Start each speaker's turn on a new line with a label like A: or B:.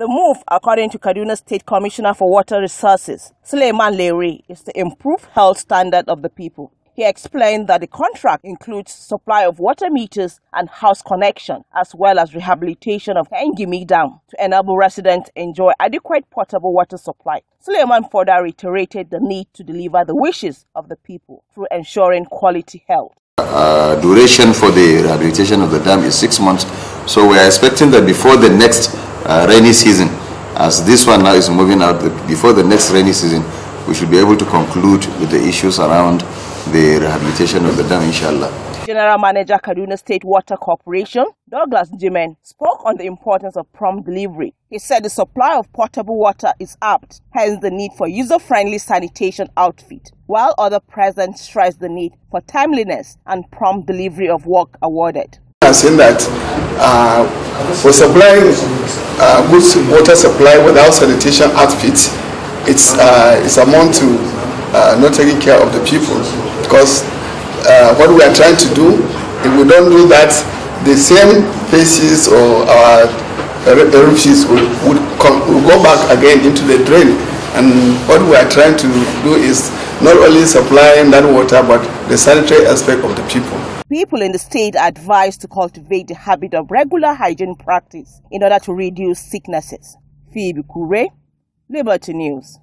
A: The move, according to Kaduna State Commissioner for Water Resources, Suleiman Leary, is to improve health standard of the people. He explained that the contract includes supply of water meters and house connection, as well as rehabilitation of Ngimi Dam to enable residents enjoy adequate potable water supply. Suleiman further reiterated the need to deliver the wishes of the people through ensuring quality health.
B: Uh, duration for the rehabilitation of the dam is six months, so we are expecting that before the next uh, rainy season. As this one now is moving out, before the next rainy season, we should be able to conclude with the issues around the rehabilitation of the dam, inshallah.
A: General Manager Kaduna State Water Corporation, Douglas Jimen, spoke on the importance of prompt delivery. He said the supply of potable water is apt, hence the need for user-friendly sanitation outfit, while other present stress the need for timeliness and prompt delivery of work awarded.
C: I've seen that uh, we're supplying uh, good water supply without sanitation outfits. It's, uh, it's amount to uh, not taking care of the people because uh, what we are trying to do, if we don't do that, the same faces or our refugees will, will, come, will go back again into the drain. And what we are trying to do is not only supplying that water but the sanitary aspect of the people.
A: People in the state are advised to cultivate the habit of regular hygiene practice in order to reduce sicknesses. Phoebe Kure, Liberty News.